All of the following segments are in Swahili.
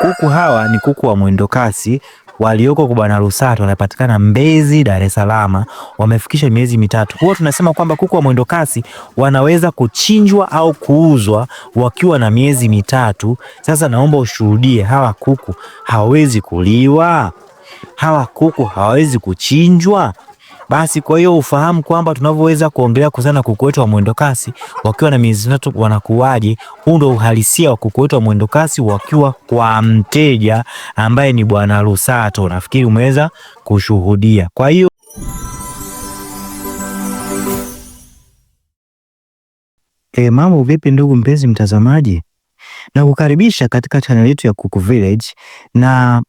Kuku hawa ni kuku wa mwendokasi walioko kwa Bwana Lusato, wanapatikana Mbezi, Dar es Salaam, wamefikisha miezi mitatu. Kwa tunasema kwamba kuku wa mwendokasi wanaweza kuchinjwa au kuuzwa wakiwa na miezi mitatu. Sasa naomba ushuhudie, hawa kuku hawawezi kuliwa, hawa kuku hawawezi kuchinjwa. Basi kwa hiyo ufahamu kwamba tunavyoweza kuongelea kuhusiana na kuku wetu wa mwendokasi wakiwa na miezi mitatu wanakuaje. Huu ndio uhalisia wa kuku wetu wa mwendokasi wakiwa kwa mteja ambaye ni Bwana Lusato, nafikiri umeweza kushuhudia. Kwa hiyo E, mambo vipi ndugu mpenzi mtazamaji, na kukaribisha katika chaneli yetu ya Kuku Village, na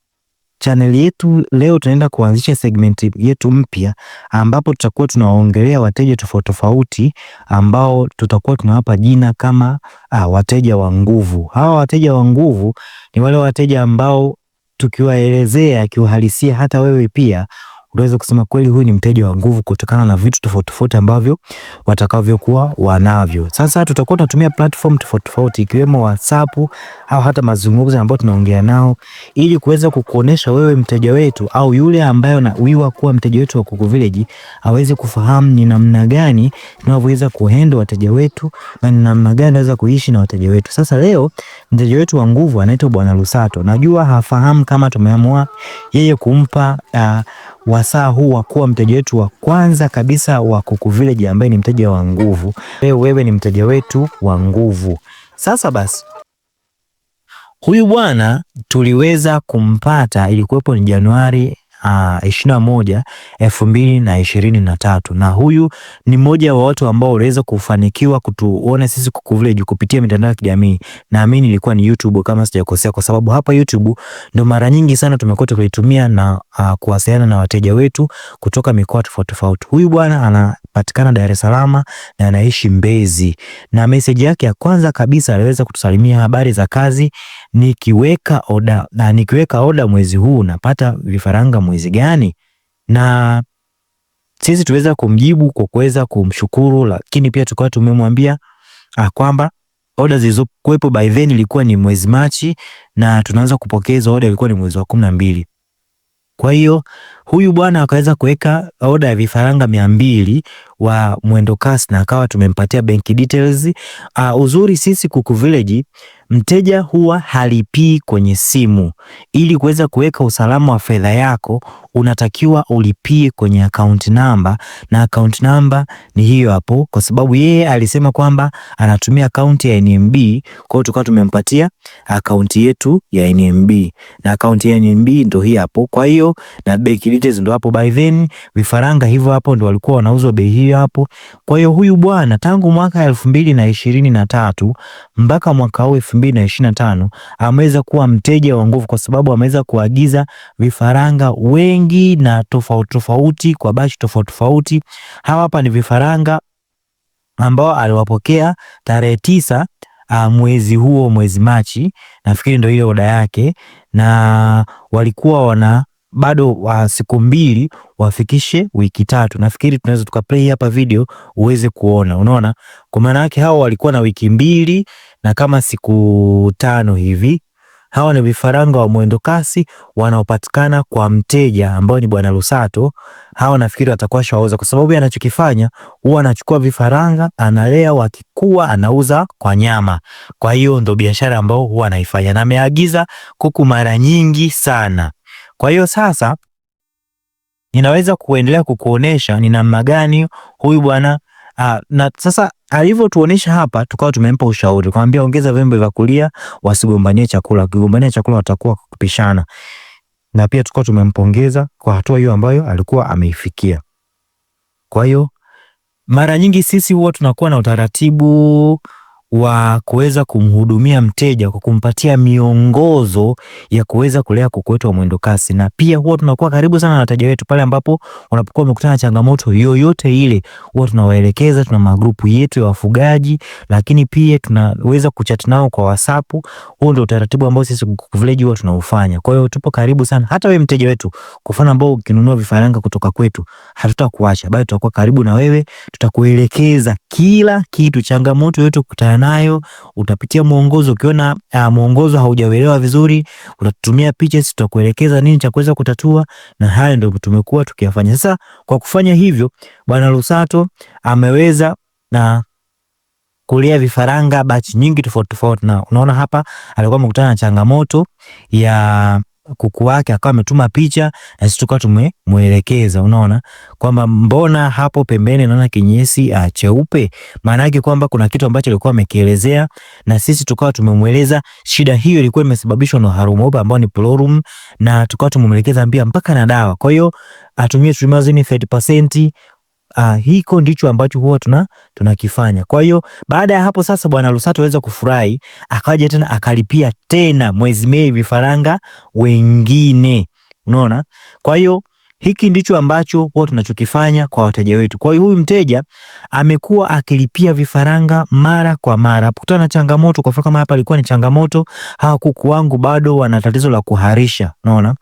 chaneli yetu leo tunaenda kuanzisha segmenti yetu mpya ambapo tutakuwa tunawaongelea wateja tofauti tofauti ambao tutakuwa tunawapa jina kama ah, wateja wa nguvu. Hawa wateja wa nguvu ni wale wateja ambao tukiwaelezea kiuhalisia, hata wewe pia unaweza kusema kweli huyu ni mteja wa nguvu kutokana na vitu tofauti tofauti ambavyo watakavyokuwa wanavyo. Sasa tutakuwa tunatumia platform tofauti tofauti ikiwemo WhatsApp au hata mazungumzo ambayo tunaongea nao ili kuweza kukuonesha wewe mteja wetu au yule ambaye anaiwa kuwa mteja wetu wa Kuku Village aweze kufahamu ni namna gani tunavyoweza kuhandle wateja wetu na ni namna gani tunaweza kuishi na wateja wetu. Sasa leo mteja wetu wa nguvu anaitwa Bwana Lusato. Najua hafahamu kama tumeamua yeye kumpa uh, wasaa huu wa kuwa mteja wetu wa kwanza kabisa wa Kuku Village ambaye ni mteja wa nguvu. Leo wewe ni mteja wetu wa nguvu. Sasa basi huyu bwana tuliweza kumpata, ilikuwepo ni Januari Ah, ishirini na moja elfu mbili na ishirini na tatu na huyu ni mmoja wa watu ambao waliweza kufanikiwa kutuona sisi kukuvileji kupitia mitandao ya kijamii. Naamini ilikuwa ni YouTube kama sijakosea, kwa sababu hapa YouTube ndo mara nyingi sana tumekuwa tukiitumia na uh, kuwasiliana na wateja wetu kutoka mikoa tofauti tofauti. Huyu bwana ana patikana Dar es Salaam na anaishi Mbezi, na meseji yake ya kwanza kabisa aliweza kutusalimia habari za kazi, nikiweka oda na nikiweka oda mwezi huu napata vifaranga mwezi mwezi gani, na sisi tuweza kumjibu kwa kuweza kumshukuru, lakini pia tukawa tumemwambia ah, kwamba oda zilizokuwepo by then ilikuwa ni mwezi Machi na tunaanza kupokeza oda ilikuwa ni mwezi wa kumi na mbili. Kwa hiyo huyu bwana akaweza kuweka oda ya vifaranga mia mbili wa mwendo kasi na akawa tumempatia bank details. Uh, uzuri sisi Kuku Village Mteja huwa halipii kwenye simu. Ili kuweza kuweka usalama wa fedha yako, unatakiwa ulipie kwenye account number, na account number ni hiyo hapo, kwa sababu yeye alisema kwamba anatumia account ya NMB. Kwa hiyo tukawa tumempatia account yetu ya NMB, na account ya NMB ndo hii hapo. Kwa hiyo na bank details ndo hapo, by then vifaranga hivyo hapo ndo walikuwa wanauzwa bei hiyo hapo. Kwa hiyo huyu bwana tangu mwaka elfu mbili na ishirini na tatu mpaka mwaka huu 2025 ameweza kuwa mteja wa nguvu, kwa sababu ameweza kuagiza vifaranga wengi na tofauti tofauti kwa bachi tofauti tofauti. Hawa hapa ni vifaranga ambao aliwapokea tarehe tisa ah, mwezi huo, mwezi Machi nafikiri ndio ile oda yake, na walikuwa wana bado wa siku mbili wafikishe wiki tatu. Nafikiri tunaweza tukaplay hapa video uweze kuona, unaona. Kwa maana yake hao walikuwa na wiki mbili na kama siku tano hivi. Hawa ni vifaranga wa mwendo kasi wanaopatikana kwa mteja ambao ni bwana Lusato. Hawa nafikiri watakuwa shawauza, kwa sababu anachokifanya huwa anachukua vifaranga, analea, wakikua anauza kwa nyama. Kwa hiyo ndo biashara ambayo huwa anaifanya, na ameagiza kuku mara nyingi sana. Kwa hiyo sasa ninaweza kuendelea kukuonesha ni namna gani huyu bwana Uh, na sasa alivyotuonesha hapa, tukawa tumempa ushauri, tukamwambia ongeza vyombo vya kulia, wasigombanie chakula. Wakigombania chakula watakuwa kupishana, na pia tukawa tumempongeza kwa hatua hiyo ambayo alikuwa ameifikia. Kwa hiyo mara nyingi sisi huwa tunakuwa na utaratibu wa kuweza kumhudumia mteja kwa kumpatia miongozo ya kuweza kulea kuku wetu wa mwendo kasi, na pia huwa tunakuwa karibu sana na wateja wetu pale ambapo wanapokuwa wamekutana changamoto yoyote ile, huwa tunawaelekeza. Tuna magrupu yetu ya wafugaji, lakini pia tunaweza kuchat nao kwa WhatsApp. Huo ndio utaratibu ambao sisi Kuku Village huwa tunaufanya. Kwa hiyo tupo karibu sana, hata wewe mteja wetu, kwa mfano ambao ukinunua vifaranga kutoka kwetu, hatutakuacha bali tutakuwa karibu na wewe, tutakuelekeza kila kitu, changamoto yote ukutana nayo, utapitia mwongozo. Ukiona uh, mwongozo haujauelewa vizuri, utatumia picha, tutakuelekeza nini cha kuweza kutatua, na haya ndio tumekuwa tukiyafanya. Sasa kwa kufanya hivyo, bwana Lusato ameweza na kulea vifaranga bachi nyingi tofauti tofauti, na unaona hapa alikuwa amekutana na changamoto ya kuku wake akawa ametuma picha na sisi tukawa tumemuelekeza, unaona kwamba mbona hapo pembeni naona kinyesi uh, cheupe. Maana yake kwamba kuna kitu ambacho alikuwa amekielezea, na sisi tukawa tumemueleza shida hiyo ilikuwa imesababishwa na harumoba ambao ni plorum na tukawa tumemuelekeza mbia mpaka na dawa. Kwa hiyo atumie tulimazini 30% Uh, hiko ndicho ambacho huwa tuna tunakifanya. Kwa hiyo baada ya hapo sasa bwana Lusato aweza kufurahi, akaja tena akalipia tena mwezi Mei vifaranga wengine. Unaona? Kwa hiyo hiki ndicho ambacho huwa tunachokifanya kwa wateja wetu. Kwa hiyo huyu mteja amekuwa akilipia vifaranga mara kwa mara, kutana na changamoto. Kwa mfano kama hapa alikuwa ni changamoto, hawa kuku wangu bado wana tatizo la kuharisha, unaona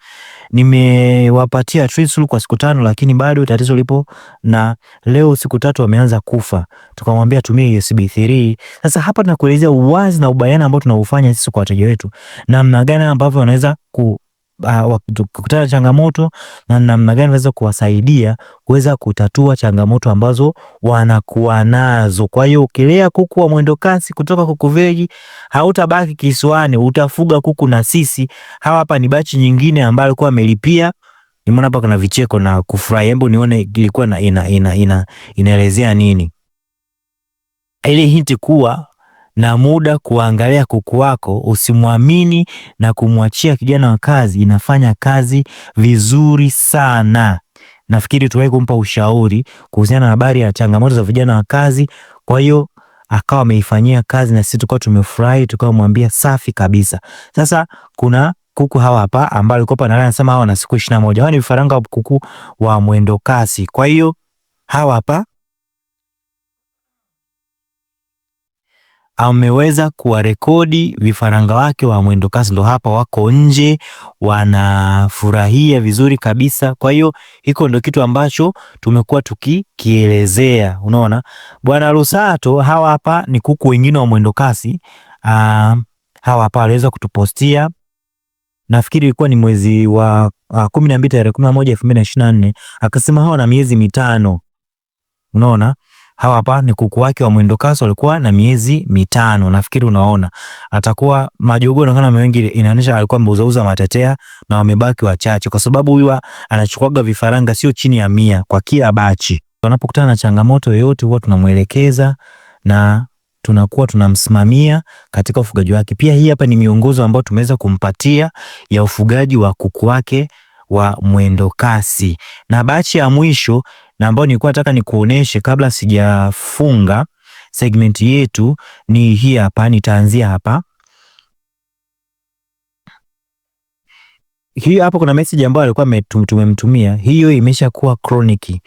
nimewapatia Trisul kwa siku tano, lakini bado tatizo lipo, na leo siku tatu wameanza kufa. Tukamwambia tumie USB 3. Sasa hapa tunakuelezea uwazi na ubayana ambao tunaufanya sisi kwa wateja wetu, namna gani ambavyo wanaweza ku wakikutana changamoto na namna gani naweza kuwasaidia kuweza kutatua changamoto ambazo wanakuwa nazo. Kwa hiyo ukilea kuku wa mwendo kasi kutoka kuku veji, hautabaki kisiwani, utafuga kuku na sisi. Hawa hapa ni bachi nyingine ambayo alikuwa amelipia. Nimeona hapa kuna vicheko na kufurahi, hebu nione ilikuwa na ina ina ina inaelezea nini ile hinti kuwa na muda kuangalia kuku wako. Usimwamini na kumwachia kijana wa kazi, inafanya kazi vizuri sana. Nafikiri tuwahi kumpa ushauri kuhusiana na habari ya changamoto za vijana wa kazi, kwa hiyo akawa ameifanyia kazi na sisi tukawa tumefurahi, tukamwambia safi kabisa. Sasa kuna kuku hawa hapa ambao alikuwa anasema hawa na siku 21. Hawa ni vifaranga wa kuku wa mwendo kasi. Kwa hiyo hawa hapa ameweza kuwarekodi vifaranga wake wa mwendokasi, ndo hapa wako nje wanafurahia vizuri kabisa. Kwa hiyo hiko ndo kitu ambacho tumekuwa tukikielezea. Unaona bwana Lusato, hawa hapa ni kuku wengine wa mwendo kasi. Uh, hawa hapa waliweza kutupostia nafikiri ilikuwa ni mwezi wa ah, kumi na mbili tarehe kumi na moja elfu mbili na ishirini na nne akasema hawa na miezi mitano. Unaona hawa hapa ni kuku wake wa mwendokasi walikuwa na miezi mitano, nafikiri unaona. Atakuwa majogoo kana mengi, inaanisha alikuwa ameuzauza matetea na wamebaki wachache, kwa sababu huyu anachukua vifaranga sio chini ya mia kwa kila bachi. Tunapokutana na changamoto yoyote, huwa tunamwelekeza na tunakuwa tunamsimamia katika ufugaji wake. Pia hii hapa ni miongozo ambayo tumeweza kumpatia ya ufugaji wa kuku wake wa mwendo kasi. Na bachi ya mwisho na ambayo nilikuwa nataka nikuoneshe kabla sijafunga segment yetu ni hii hapa, nitaanzia hapa. Hii hapo kuna message ambayo alikuwa tumemtumia, hiyo imeshakuwa chronic.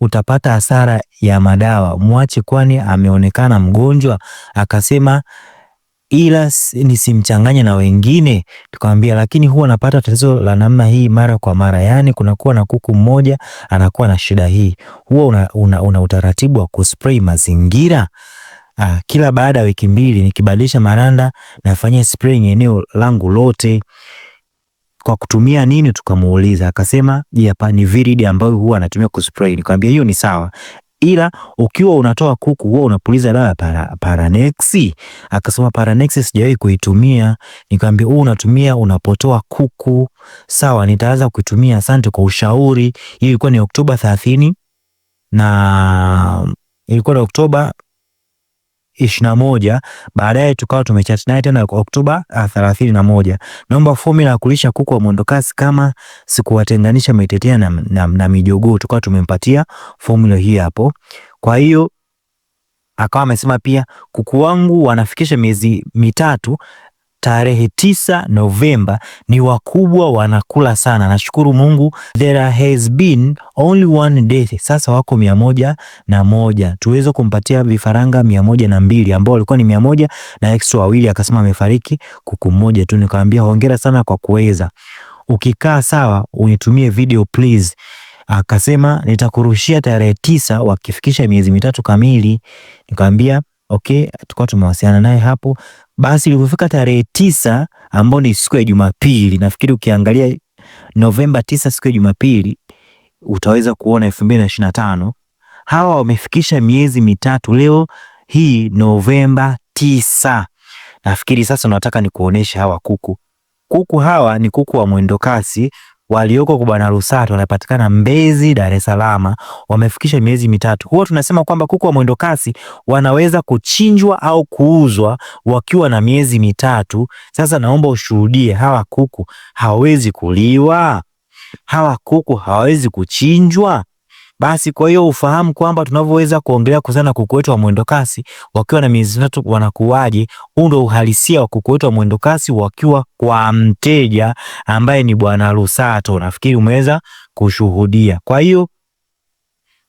Utapata hasara ya madawa, mwache, kwani ameonekana mgonjwa akasema ila nisimchanganye na wengine. Tukamwambia, lakini huwa napata tatizo la namna hii mara kwa mara, yaani kunakuwa na kuku mmoja anakuwa na shida hii. Huwa una, una, una utaratibu wa kuspray mazingira Aa, ah, kila baada ya wiki mbili nikibadilisha maranda nafanyia spraying eneo langu lote kwa kutumia nini? Tukamuuliza, akasema hapa viridi ambayo huwa anatumia kuspray. Nikamwambia hiyo ni sawa, ila ukiwa unatoa kuku huwa unapuliza dawa ya para, Paranexi. Akasema Paranexi sijawahi kuitumia. Nikamwambia huu unatumia unapotoa kuku. Sawa, nitaanza kuitumia, asante kwa ushauri. Hii ilikuwa ni Oktoba 30 na ilikuwa ni Oktoba ishirini na moja. Baadaye tukawa tumechat naye tena Oktoba ah, thelathini na moja. Naomba fomula ya kulisha kuku wa mwendokasi kama sikuwatenganisha Maitetea na, na, na mijogoo, tukawa tumempatia fomula hii hapo. Kwa hiyo akawa amesema pia kuku wangu wanafikisha miezi mitatu tarehe tisa Novemba ni wakubwa wanakula sana. Nashukuru Mungu, there has been only one death. Sasa wako mia moja na moja tuweze kumpatia vifaranga mia moja na mbili ambao walikuwa ni mia moja na extra wawili, akasema amefariki kuku mmoja tu. Nikamwambia hongera sana kwa kuweza, ukikaa sawa unitumie video please. Akasema nitakurushia tarehe tisa wakifikisha miezi mitatu kamili. Nikamwambia okay, tukawa tumewasiliana naye hapo basi ilipofika tarehe tisa ambayo ni siku ya Jumapili, nafikiri ukiangalia Novemba tisa siku ya Jumapili utaweza kuona elfu mbili na ishirini na tano hawa wamefikisha miezi mitatu leo hii Novemba tisa. Nafikiri sasa nataka nikuoneshe hawa kuku. Kuku hawa ni kuku wa mwendokasi walioko kwa Bwana Rusato wanapatikana Mbezi, Dar es Salaam, wamefikisha miezi mitatu. Huwa tunasema kwamba kuku wa mwendokasi wanaweza kuchinjwa au kuuzwa wakiwa na miezi mitatu. Sasa naomba ushuhudie, hawa kuku hawawezi kuliwa, hawa kuku hawawezi kuchinjwa. Basi kwa hiyo ufahamu kwamba tunavyoweza kuongelea kuzana na kuku wetu wa mwendo kasi wakiwa na miezi mitatu wanakuwaje. Huu ndio uhalisia wa kuku wetu wa mwendo kasi wakiwa kwa mteja ambaye ni Bwana Rusato, nafikiri umeweza kushuhudia. Kwa hiyo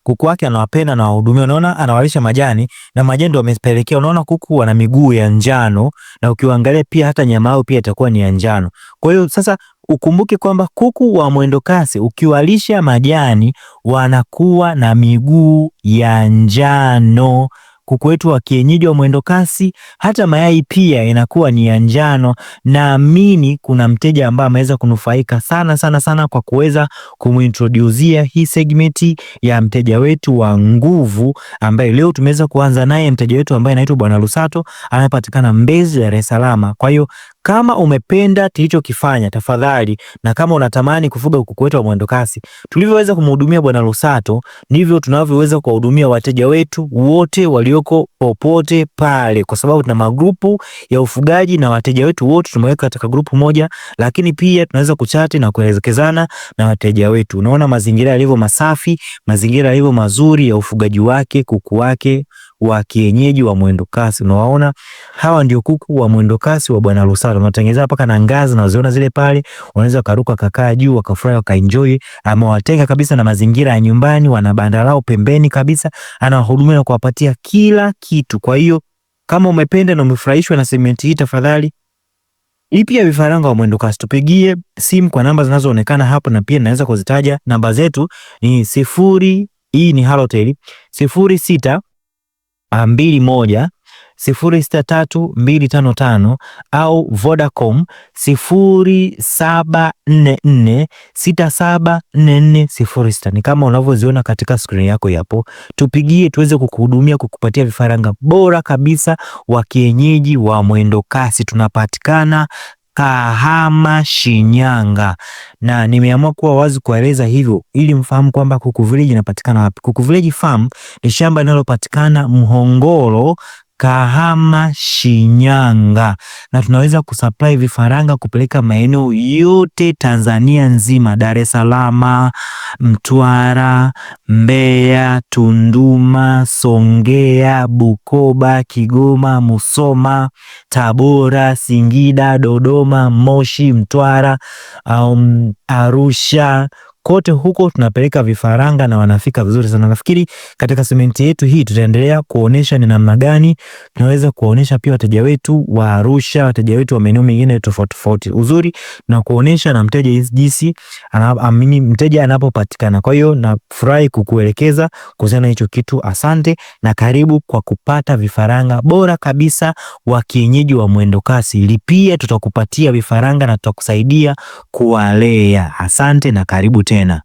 kuku wake anawapenda na wahudumia, unaona anawalisha majani na majani ndio amepelekea, unaona kuku wana miguu ya njano, na ukiangalia pia hata nyama yao pia itakuwa ni ya njano. Kwa hiyo sasa ukumbuke kwamba kuku wa mwendokasi ukiwalisha majani wanakuwa na miguu ya njano. Kuku wetu wa kienyeji wa mwendokasi hata mayai pia inakuwa ni ya njano. Naamini kuna mteja ambaye ameweza kunufaika sana sana sana kwa kuweza kumuintrodusia hii segmenti ya mteja wetu wa nguvu, ambaye leo tumeweza kuanza naye, mteja wetu ambaye anaitwa Bwana Lusato anayepatikana Mbezi, Dar es Salaam. Kwa hiyo kama umependa tulichokifanya tafadhali, na kama unatamani kufuga kuku wetu wa mwendokasi, tulivyoweza kumhudumia Bwana Lusato ndivyo tunavyoweza kuwahudumia wateja wetu wote walioko popote pale, kwa sababu tuna magrupu ya ufugaji na wateja wetu wote tumeweka katika grupu moja, lakini pia tunaweza kuchati na kuelekezana na wateja wetu. Unaona mazingira yalivyo masafi, mazingira yalivyo mazuri ya ufugaji wake kuku wake wa kienyeji wa mwendo kasi. Unawaona hawa ndio kuku wa mwendo kasi wa Bwana Rusalo, unatengeneza paka na ngazi, unaziona zile pale, wanaweza karuka kakaa juu wakafurahi wakaenjoy, ama watenga kabisa na mazingira ya nyumbani, wana banda lao pembeni kabisa, anawahudumia na kuwapatia kila kitu. Kwa hiyo kama umependa na umefurahishwa na sementi hii, tafadhali ipia vifaranga wa mwendokasi, tupigie simu kwa namba zinazoonekana hapo, na pia naweza kuzitaja namba zetu ni sifuri, hii ni Halotel sifuri sita Ah, mbili moja sifuri sita tatu mbili tano tano au Vodacom sifuri saba nne nne sita saba nne nne sifuri sita. Ni kama unavyoziona katika skrini yako yapo, tupigie tuweze kukuhudumia kukupatia vifaranga bora kabisa wa kienyeji wa mwendo kasi. Tunapatikana Kahama Shinyanga, na nimeamua kuwa wazi kueleza hivyo ili mfahamu kwamba Kuku Village inapatikana wapi. Kuku Village Farm ni shamba linalopatikana Mhongoro, Kahama, Shinyanga, na tunaweza kusupply vifaranga kupeleka maeneo yote Tanzania nzima, Dar es Salaam, Mtwara, Mbeya, Tunduma, Songea, Bukoba, Kigoma, Musoma, Tabora, Singida, Dodoma, Moshi, Mtwara, um, Arusha kote huko tunapeleka vifaranga na wanafika vizuri sana. Nafikiri katika sementi yetu hii tutaendelea kuonesha ni namna gani tunaweza kuonesha pia wateja wetu wa Arusha, wateja wetu wa maeneo mengine tofauti tofauti, uzuri na kuonesha na mteja jinsi anaamini mteja anapopatikana. Kwa hiyo nafurahi kukuelekeza kuhusiana hicho kitu. Asante na karibu kwa kupata vifaranga bora kabisa wa kienyeji wa mwendokasi. Lipia, tutakupatia vifaranga na tutakusaidia kuwalea. Asante na karibu tena. চেয়ে না